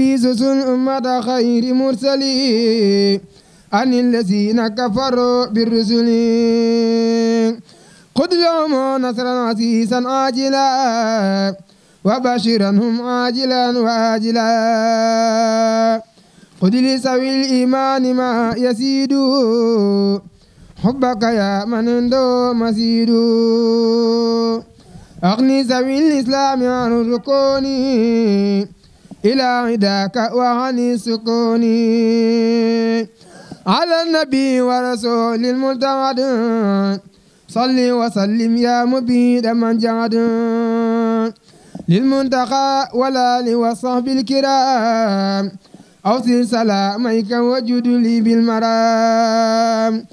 بيسوس أمة خير مرسلين عن الذين كفروا بالرسل قد لهم نصرا عزيزا عاجلا وبشرا هم عاجلا وآجلا قد لسوي الإيمان ما يزيد حبك يا من عنده مزيد أغني سوي الإسلام عن الركون إلى هداك وعن سكوني على النبي ورسول الملتمد صل وسلم يا مبيد من جعد للمنتقى والآل والصحب الكرام أوصل سلامك وجد لي بالمرام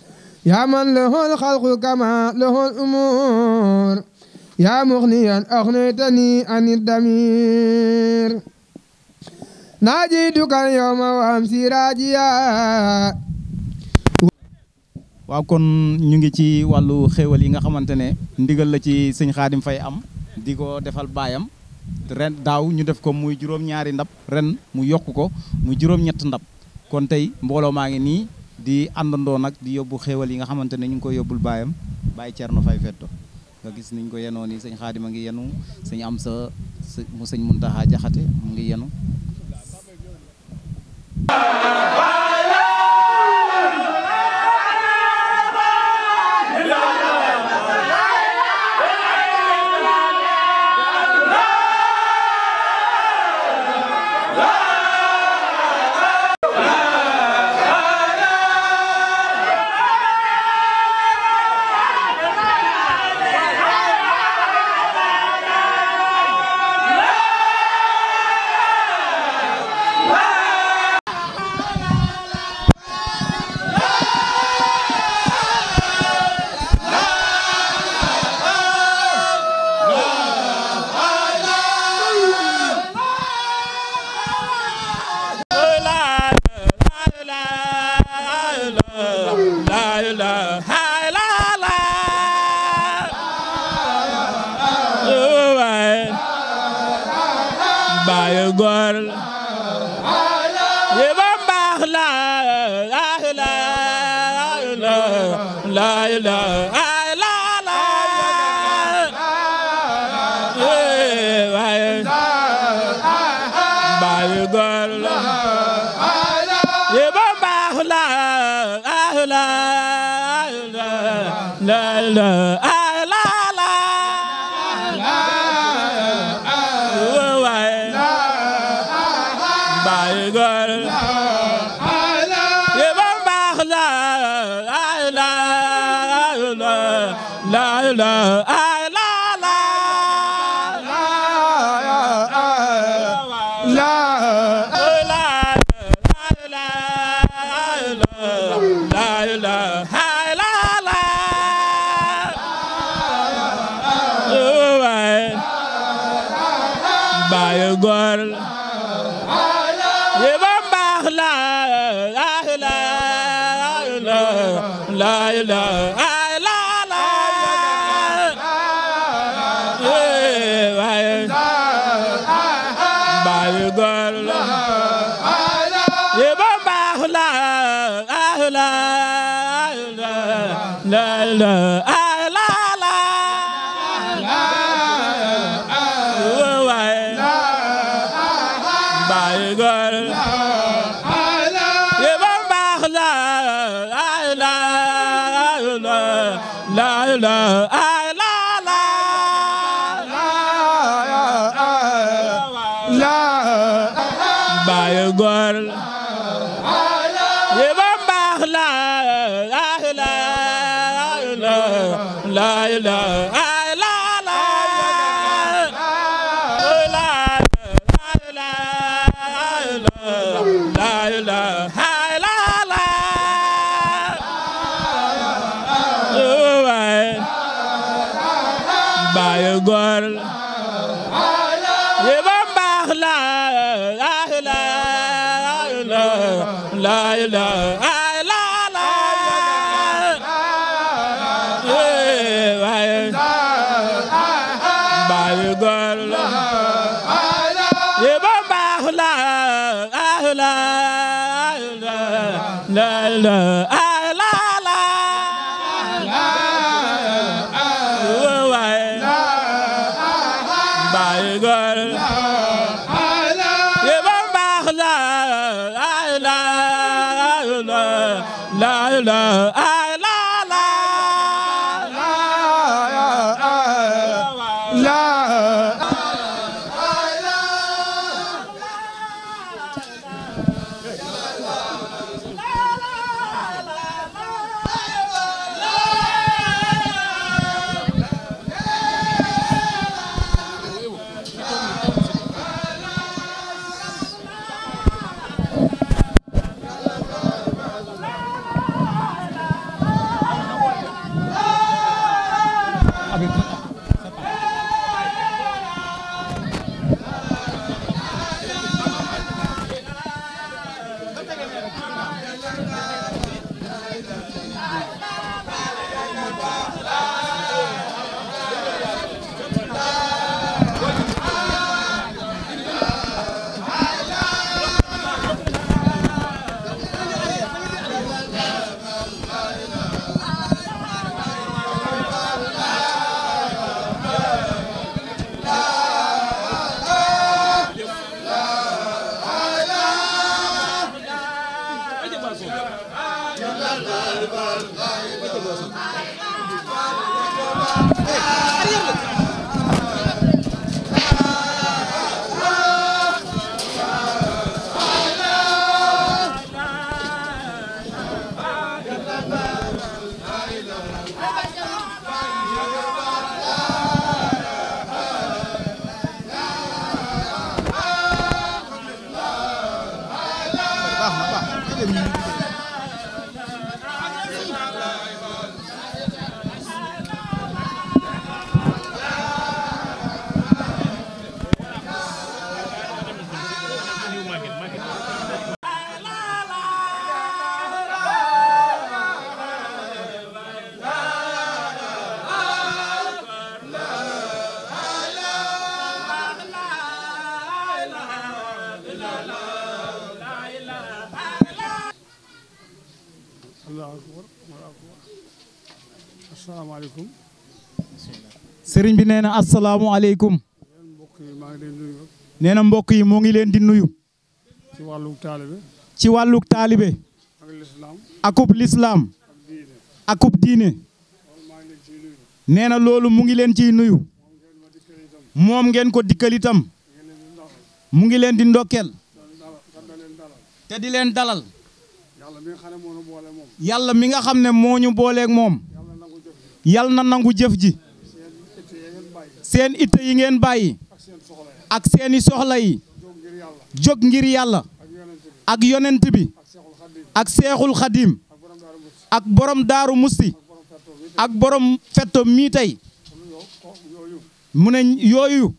يا من له الخلق كما له الأمور يا مغنيا أغنيتني عن الدمير najiituka al-yawma wa amsi raajiya waaw kon ñu ngi ci wàllu xéewal yi nga xamante ne ndigal la ci sëñ Xaadim Fay am di ko defal baayam ren daaw ñu def ko muy juróom-ñaari ndab ren mu yokk ko muy juróom-ñett ndab kon tey mbooloo maa ngi nii di àndandoo nag di yóbbu xéewal yi nga xamante ne ñu ngi koy yóbbul baayam Baye Thierno fay Fetto nga gis niñ ko yenoo nii sëñ Xaadim a ngi yenu sëñ am sa mu sëñ Muntaxa Jaxate mu ngi yenu la ah! la la eh, la ilaha la la Hey! sëriñ bi nee na asalaamualeykum. nee na mbokk yi moo ngi leen di nuyu. ci wàllug taalibe. ci wàllug taalibe. akub lislaam. akub diine. nee na loolu mu ngi leen ciy nuyu. moom ngeen ko dikkal mu ngi leen di ndokkeel. te di leen dalal. yàlla mi nga xam ne mooñu ñu booleeg moom. yàlla na nangu jëf ji. seen itte yi ngeen bàyyi ak seeni soxla yi jóg ngir yàlla ak yonent bi ak seexul xadiim ak borom daaru mussi ak borom fetto mii tey mu ne yooyu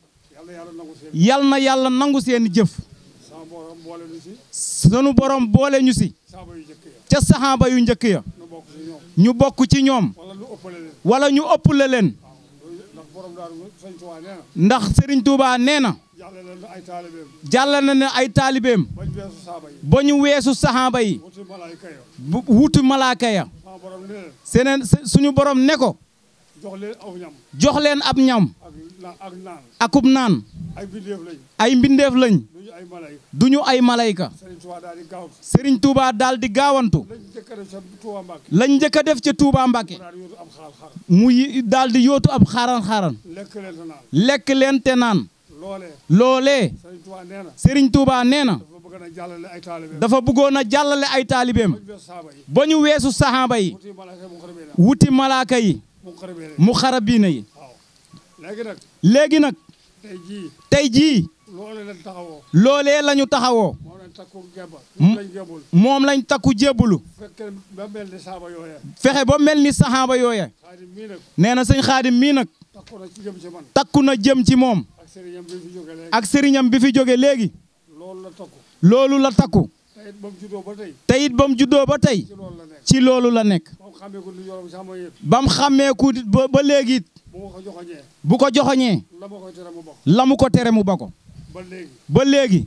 yal na yàlla nangu seen jëf sunu borom boole ñu si ca saxaaba yu njëkk ya ñu bokk ci ñoom wala ñu ëppale leen ndax Serigne Touba nee na. jàll na ne ay taalibeem. ba ñu weesu saxaaba yi. bu wutu malaaka ya. seneen suñu borom ne ko. jox leen ab ñam. akub naan. ay mbindeef lañ du ñu ay malayka Serigne Touba daal di gaawantu lañ njëkk a def ca Touba Mbàkke mu daal di yóotu ab xaaran xaaran lekk leen te naan loolee Serigne Touba nee na dafa bëggoon a jàllale ay taalibeem ba ñu weesu saxaaba yi wuti malaaka yi mu xarabiina yi léegi nag tey jii tey jii. loolee lañ taxawoo. loolee lañu taxawoo. moom lañ takku jébbalu. moom lañ takku jébbalu. fexe ba mel ni saxaaba yooya. fexe ba mel ni saxaaba yooya. nee na sëñ xaadim mii nag. takku na jëm ci man. takku na jëm ci moom. ak sëriñam bi fi jóge léegi. ak sëriñam bi fi jóge léegi. loolu la takku. loolu la takku. te it ba mu juddoo ba tey. te ci loolu la nekk. ci loolu la nekk. ba mu xàmmeeku ba léegi bu ko joxoñee la ko tere mu ba ko ba léegi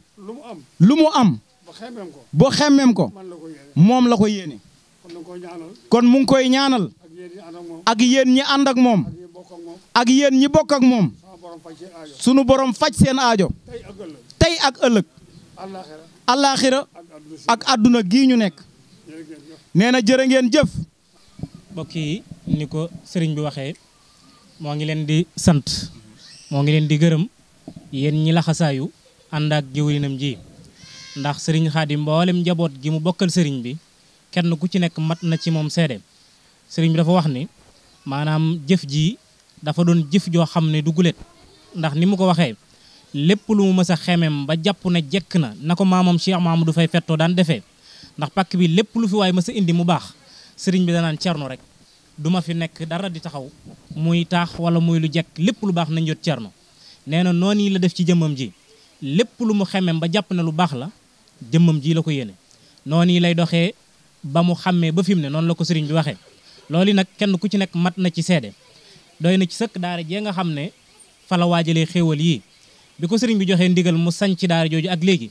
lu mu am boo xemmem ko moom la ko yéene kon mu ngi koy ñaanal ak yéen ñi ànd ak moom ak yéen ñi bokk ak moom sunu borom faj seen aajo tey ak ëllëg allaaxira ak àdduna gii ñu nekk nee na jërë ngeen jëf mbokk yi ni ko sëriñ bi waxee moo ngi leen di sant moo ngi leen di gërëm yéen ñi laxasaayu ànd ak jëwrinam ji ndax sëriñ Xaadim mboolem njaboot gi mu bokkal sëriñ bi kenn ku ci nekk mat na ci moom seede sëriñ bi dafa wax ni maanaam jëf ji dafa doon jëf joo xam ne du guléet ndax ni mu ko waxee lépp lu mu mës a xemem ba jàpp ne jekk na na ko maamam Cheikh Mamadou fay fettoo daan defee ndax pakk bi lépp lu fi waaye mës indi mu baax sëriñ bi danaan cerno rek duma fi nekk dara di taxaw muy taax wala muy lu jekk lépp lu baax nañ jot cerno nee na noonu yi la def ci jëmmam ji lépp lu mu xemem ba jàpp ne lu baax la jëmmam ji la ko yéene noonu yi lay doxee ba mu xàmmee ba fi mu ne noonu la ko sëriñ bi waxee loolu nag kenn ku ci nekk mat na ci seede doy na ci sëkk daara jee nga xam ne fa la waajalee xéewal yii bi ko sëriñ bi joxee ndigal mu sañ ci daara jooju ak léegi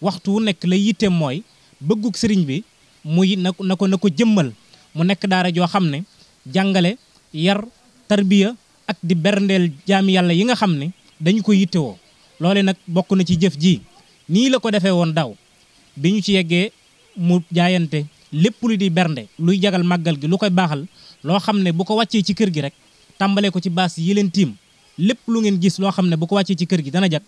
waxtu wu nekk lay yitteem mooy bëgguk sëriñ bi muy na na ko na ko jëmmal mu nekk daara joo xam ne jàngale yar tarbiya ak di berndeel jaami yàlla yi nga xam ne dañu ko yittewoo loole nag bokk na ci jëf ji nii la ko defee woon daw bi ñu ci yeggee mu jaayante lépp lu di bernde luy jagal màggal gi lu koy baaxal loo xam ne bu ko wàccee ci kër gi rek tàmbalee ko ci baas yi leen tiim lépp lu ngeen gis loo xam ne bu ko wàccee ci kër gi dana jag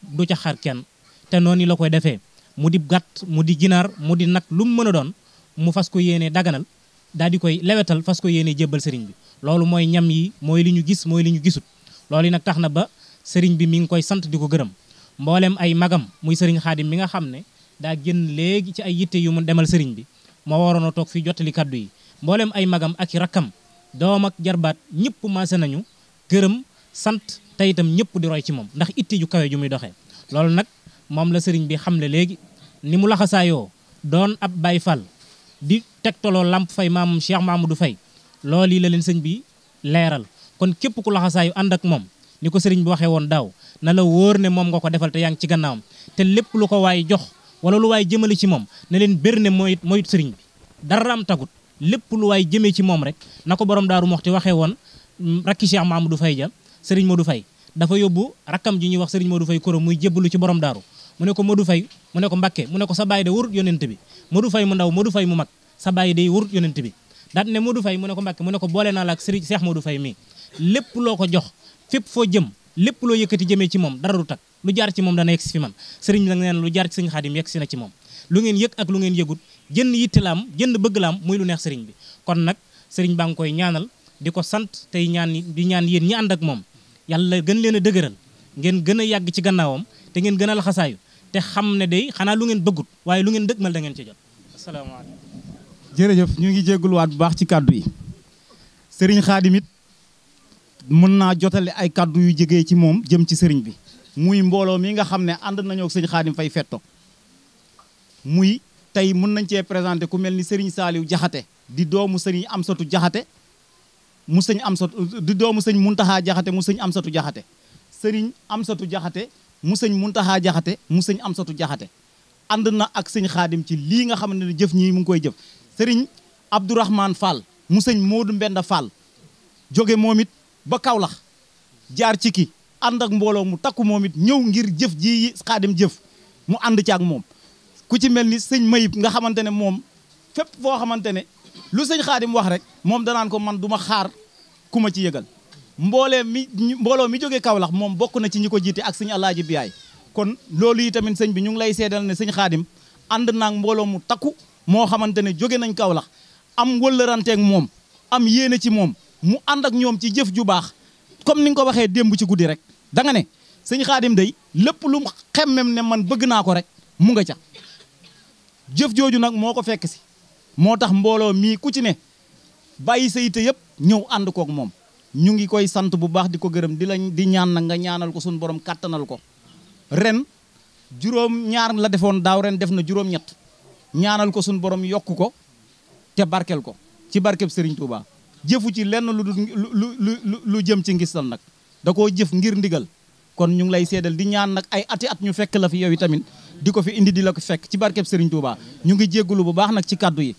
du ca xar kenn te noonu la koy defee mu di gàtt mu di ginaar mu di nag lu mu mën a doon mu fas ko yéenee daganal daal di koy lewetal fas ko yéene jébbal sëriñ bi loolu mooy ñam yi mooy li ñu gis mooy li ñu gisut loolu yi nag tax na ba sëriñ bi mi ngi koy sant di ko gërëm mboolem ay magam muy sëriñ xaadim mi nga xam ne daa génn léegi ci ay yitte yu mu demal sëriñ bi moo waroon a toog fii jottali kàddu yi mbooleem ay magam ak yi rakkam doom ak jarbaat ñëpp maase nañu gërëm sant te itam ñëpp di roy ci moom ndax itte ju kawe ju muy doxee loolu nag moom la sëriñ bi xamle léegi ni mu laxasaayoo doon ab Baay Faal di tegtaloo Lamp Fay maamam Cheikh Mamadou Fay loolu yi la leen sëñ bi leeral kon képp ku laxasaayu ànd ak moom ni ko sëriñ bi waxee woon daaw na la wóor ne moom nga ko defal te yaa ngi ci gannaawam te lépp lu ko waay jox wala lu waay jëmale ci moom na leen bér ne mooy mooy sëriñ bi dara am tagut lépp lu waay jëmee ci moom rek na ko borom daaru moxti waxee woon mm, rakki Cheikh du Fay ja sëriñ du Fay dafa yóbbu rakkam ji ñuy wax sëriñ Modou Fay koro muy jébbalu ci borom daaru mu ne ko Fay mu ne ko mu ne ko sa baay de wër bi Modou mu mag sa bàyyi day wurut yonent bi daat ne Modou Faye mu ne ko Mbàkke mu ne ko boole naa la ak Serigne Cheikh Modou Faye mii lépp loo ko jox fépp foo jëm lépp loo yëkkati jëmee ci moom dara du tak lu jaar ci moom dana yegg si fi man sëriñ bi lu jaar ci sëñ xaadim yegg ci moom lu ngeen yëg ak lu ngeen yëgut jënd yitte laam jënd bëgg laam muy lu neex sëriñ bi kon nag seriñ baa ngi koy ñaanal di ko sant tey ñaan di ñaan yéen ñi ànd ak moom yàlla gën leen a dëgëral ngeen gën a yàgg ci gannaawam te ngeen gën a laxasaayu te xam ne day xanaa lu ngeen bëggut waaye lu ngeen dëgmal da ngeen ci jot asalaamaaleykum jërëjëf ñu ngi jégguluwaat bu baax ci kàddu yi sëriñ xaadim it mën naa jotale ay kàddu yu jege ci moom jëm ci sëriñ bi muy mbooloo mii nga xam ne ànd nañoo ak sëñ xaadim fay fetto muy tey mën nañ cee présenté ku mel ni sëriñ saaliw jaxate di doomu sëriñ amsatu jaxate mu sëñ amsatu di doomu sëñ muntaxaa jaxate mu sëñ amsatu jaxate sëriñ amsatu jaxate mu sëñ mun taxaa jaxate mu sëñ amsatu jaxate ànd na ak sëñ xaadim ci lii nga xam ne jëf ñii mu ngi koy jëf sëriñ Abdourahmane Fall mu sëñ Modou Mbenda Fall jóge moomit it ba Kaolack jaar ci ki ànd ak mbooloo mu takku moomit ñëw ngir jëf ji xaadim jëf mu ànd ci ak moom ku ci mel ni sëñ Mayib nga xamante ne moom fépp foo xamante ne lu sëñ xaadim wax rek moom danaan ko man duma xaar ku ma ci yëgal mbooleem mi mbooloo mi jóge Kaolack moom bokk na ci ñi ko jiite ak sëñ Alaaji Biyaay kon loolu yi tamit sëñ bi ñu ngi lay seddal ne sëñ xaadim ànd naag mbooloo mu takku moo xamante ne jóge nañ kawlax am wëllëranteeg moom am yéene ci moom mu ànd ak ñoom ci jëf ju baax comme ni nga ko waxee démb ci guddi rek danga ne sëñ xaadim day lépp lu xemmem ne man bëgg naa ko rek mu nga ca jëf jooju nag moo ko fekk si moo tax mbooloo mii ku ci ne bàyyi sa yite yëpp ñëw ànd kook moom ñu ngi koy sant bu baax di ko gërëm di la di ñaan nag nga ñaanal ko suñu borom kàttanal ko ren juróom ñaar la defoon daaw ren def na juróom-ñett ñaanal ko suñu borom yokk ko te barkeel ko ci barkeb Serigne Touba jëfu ci lenn lu dul lu lu jëm ci ngistal nag da koo jëf ngir ndigal kon ñu ngi lay seedal di ñaan nag ay ati at ñu fekk la fi yow yi tamit di ko fi indi di la ko fekk ci barkeb Serigne Touba ñu ngi jéggulu bu baax nag ci kàddu yi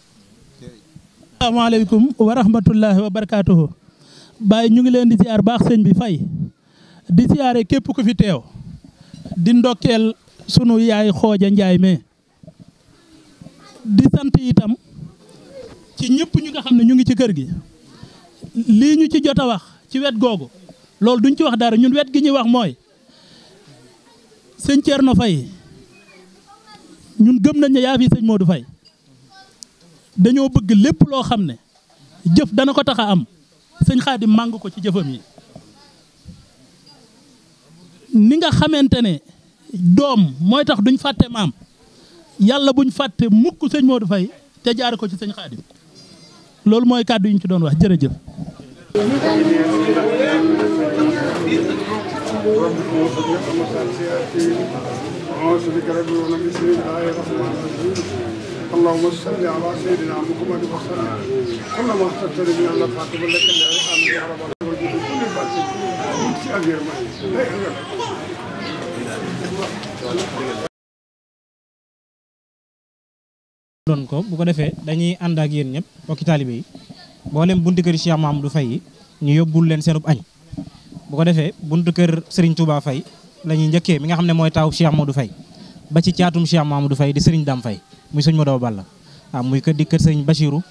asalaamaaleykum wa rahmatullahi wa barakaatuhu Baye ñu ngi leen di siyaar baax sëñ bi fay di siyaare képp ku fi teew di ndokkeel sunu yaay xooja njaay me di sant itam ci ñëpp ñu nga xam ne ñu ngi ci kër gi lii ñu ci jot a wax ci wet googu loolu duñ ci wax dara ñun wet gi ñuy wax mooy sëñ Thierno Faye ñun gëm nañ ne yaa fi sëñ Modou Faye dañoo bëgg lépp loo xam ne jëf dana ko tax a am sëñ Xaadim màng ko ci jëfam yi ni nga xamante ne doom mooy tax duñ fàtte maam yàlla buñ fàtte mukk sëñ Modou Faye te jaar ko ci sëñ Xaadim loolu mooy kàddu yi ci doon wax jërëjëf. doon ko bu ko defee dañuy ànd ak yéen ñëpp bokki taalibe yi mboolem buntu kër Cheikh du fay yi ñu yóbbul leen seenub añ bu ko defee buntu kër sëriñ Touba fay la ñuy njëkkee mi nga xam ne mooy taawu Cheikh Mamadou Faye ba ci caatum Cheikh Mamadou Faye di Serigne Dame Faye muy sëñ doo Balla waaw ah, muy kër di kër Serigne Bachirou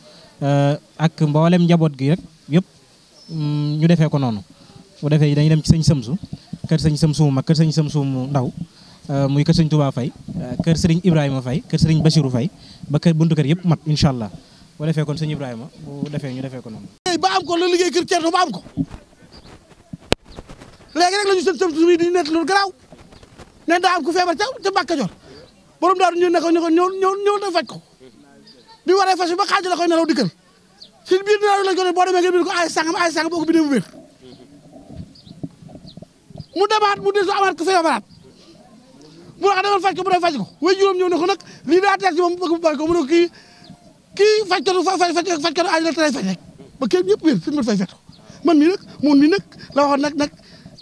eh, ak mboolem njaboot gi rek yëpp mm, ñu defee ko noonu bu defee dañuy dem ci sëñ Samsu kër sëñ Samsu mu mag kër sëñ Samsu mu ndaw eh, muy kër sëñ Touba Faye eh, kër Serigne Ibrahima Faye kër Serigne Bachirou ba kër buntu kër yëpp mat incha allah bu defee kon sëñ Ibrahima bu defee ñu defee ko noonu. ba am ko la liggéey kër Thierno ba am ko léegi la ñu sën sën suñu di nekk loolu garaaw ne daa am ku feebar ca ca Mbàkke Kajoor borom daaru ñu ne ñëw ñëw ñëw na faj ko bi waree faj ba xaaj la koy nelaw dikkal si biir nelaw lañ ko boo demee ngeen ko ay sangam ay sangam boo ko bindee mu wér mu demaat mu desu amaat ku feebaraat mu ne ko ah, demal faj ko mu dem faj ko way juróom ñëw ne ko nag lii daa teg si moom bëgg mu bàyyi ko mu ne ko kii kii fajkatu fa faj fajkatu aaj rek te day faj rek ba kenn ñëpp wér suñu mën fay fekk man mii nag moom mii nag la waxoon nag nag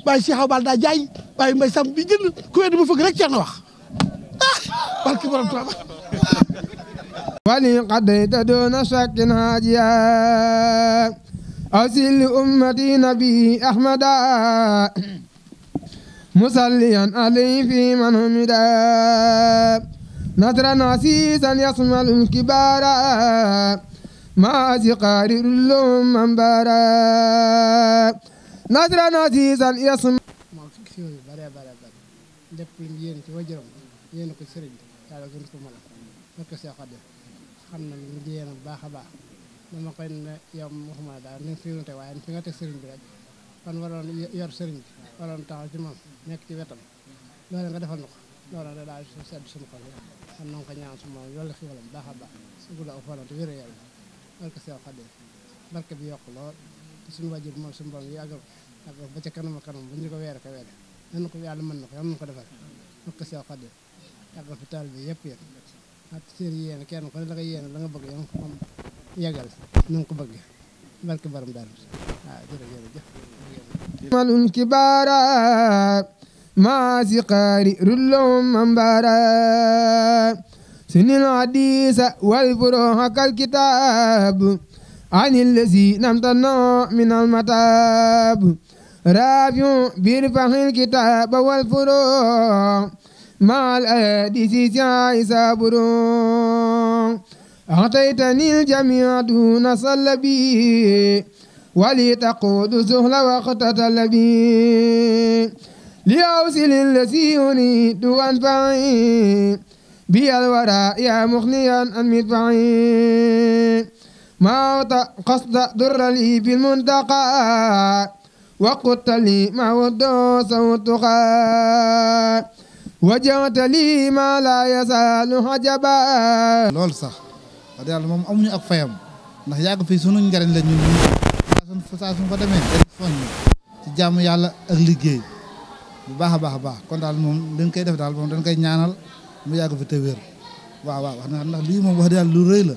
bàyyi Cheikh Awa Balla daa jaay bàyyi mbay sam bi jënd ku wér di ma fëgg rek ceer na wax ah barki borom tubaab wali qadayta doona shakkin haajiya asil ummati nabi ahmada مصليا عليه في من حمدا نظرا عسيسا يصمل الكبارا ما أزقار لهم من بارا نظرا yéen ci wajuram yéen ko sëriñ yàlla gën na mu jiyéen bu baax a baax dama koy ne yow waxuma daal ni fi nute nga teg sëriñ bi kon waroon yor sëriñ bi waroon taxaw ci moom nekk ci wetam loolu nga defal na ko loolu daal su suñu xol kon na nga ko ñaan su moom yollu baax a baax su gudda ak fanam te wér yàlla bi yokk lool te suñu wàjjur moom suñu borom yàggal ak ba ca kanama kanam bu ñu ko weere ko weere nan ko yàlla mën na ko yàlla mën ko defal barke sew xadde yàggal fi taal bi yëpp yéen ak yéen kenn ku ne la nga bëgg yéen ko moom yàggal na ko bëgg barke borom daal waaw jërëjëf malun kibaara maa si qaari rullum mambaara sunil hadisa wal furuha kal kitab عن الذي نمتنا من المتاب رافع برفع الكتاب والفروع مع الأديس عيسى برو أعطيتني الجميع دون صلبي ولي تقود سهل وقت طلبي لأوصل الذي أريد أنفعي بي الورى يا مخليا أن مدفعي ما قصد در لي بالمنتقى وقلت لي ما ودوس والتقى وجعت لي ما لا يزال حجبا لول صح wax yàlla moom amuñu ak ndax yàgg fii sunuñ la ñun ñun saa suñ yàlla ak liggéey baax a baax a baax kon daal moom dañ koy def daal moom dañ koy mu yàgg fi te wér waaw waaw wax na ndax lii moom wax yàlla lu rëy la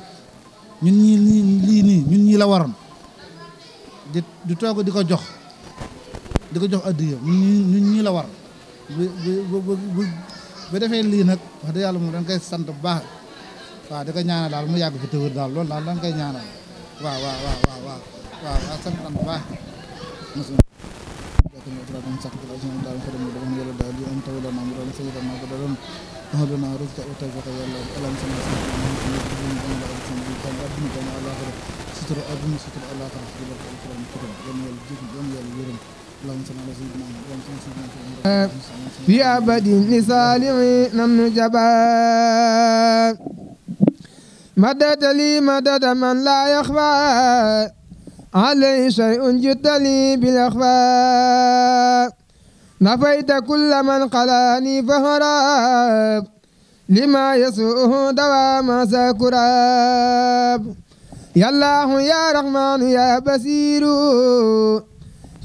ñun ñii lii nii ñun ñii la waroon di di toog di ko jox di ko jox addiya ñun ñii la war bu defee lii nag wax dëgg yàlla moom dañ sant baax waaw di ko ñaanal daal mu yàgg fi tëwër daal loolu daal lan koy ñaanal waaw waaw waaw waaw waaw waaw waaw sant nañ bu baax أهلنا رزق وتوفيق يا الله اللهم صل وسلم على محمد وعلى آله وصحبه أبن كما على آخر ستر أبن ستر على آخر ستر بارك الكرم الكرم يوم يلجيكم يوم يلجيكم اللهم صل على سيدنا محمد في أبد لصالح نمن جبار مدد لي مدد من لا يخفى عليه شيء جد لي بالأخفاء نفيت كل من قلاني فهراب لما يسوءه دوام سكراب يا الله يا رحمن يا بصير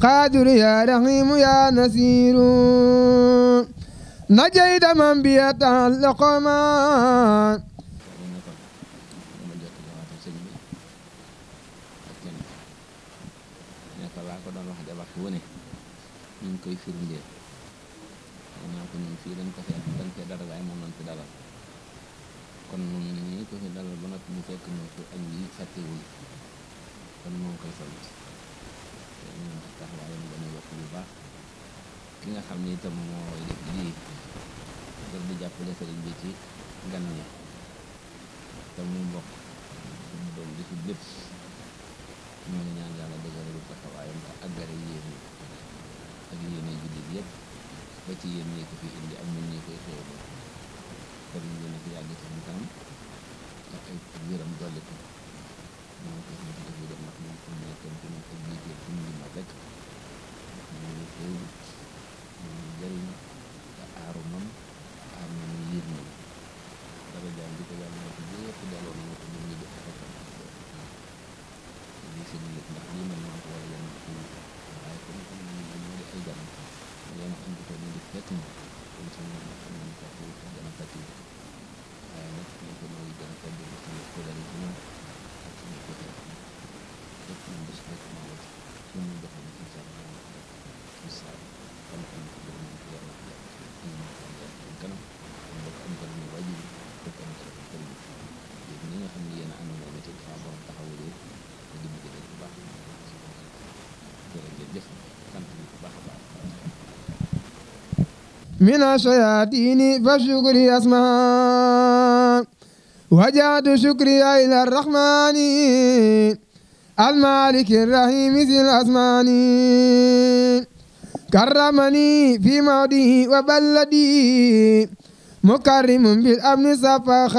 قادر يا رحيم يا نسير نجيت من بيتعلق مان fii dañ dara waaye moom lañ fi dalal kon moom ñu ko fi dalal ba nag mu fekk ñu fi añ yi fàttewuñ kon bu baax ki nga xam ni itam mooy def lii daf di jàppale sëriñ bi ci gan ñi te muy mbokk suñu doom di fi lépp ñu ngi ñaan yàlla dëgëral taxawaayam te àggale yéen ñi ak yéene jullit yëpp ba ci yéen ñi indi ak ñun ñi koy xéewlu kon ñu ne ko yàgg ci suñu kanam ay wéram dolli ko moom ko xam ne dem nag ko jiitee fu mu limal rek mu ngi jëriñ te aaru aar na mu yiir moom dara jaan ko yàlla moo ko yëpp delloo na ko ñu ngi def fekkam lii seen nit ndax lii man maa ko war a yem waaye comme jàmm te yéen a indi te ñu ngi fekk ñu kon suñu mën a indi ñu ko pour gën a fàttali waaye nag li ko mooy gën a fàttali ci kuréel yi من الشياطين فالشكر أسمها وجعت شكري إلى الرحمن المالك الرحيم ذي الأزمان كرمني في موضعي وبلدي مكرم بالأمن سفخ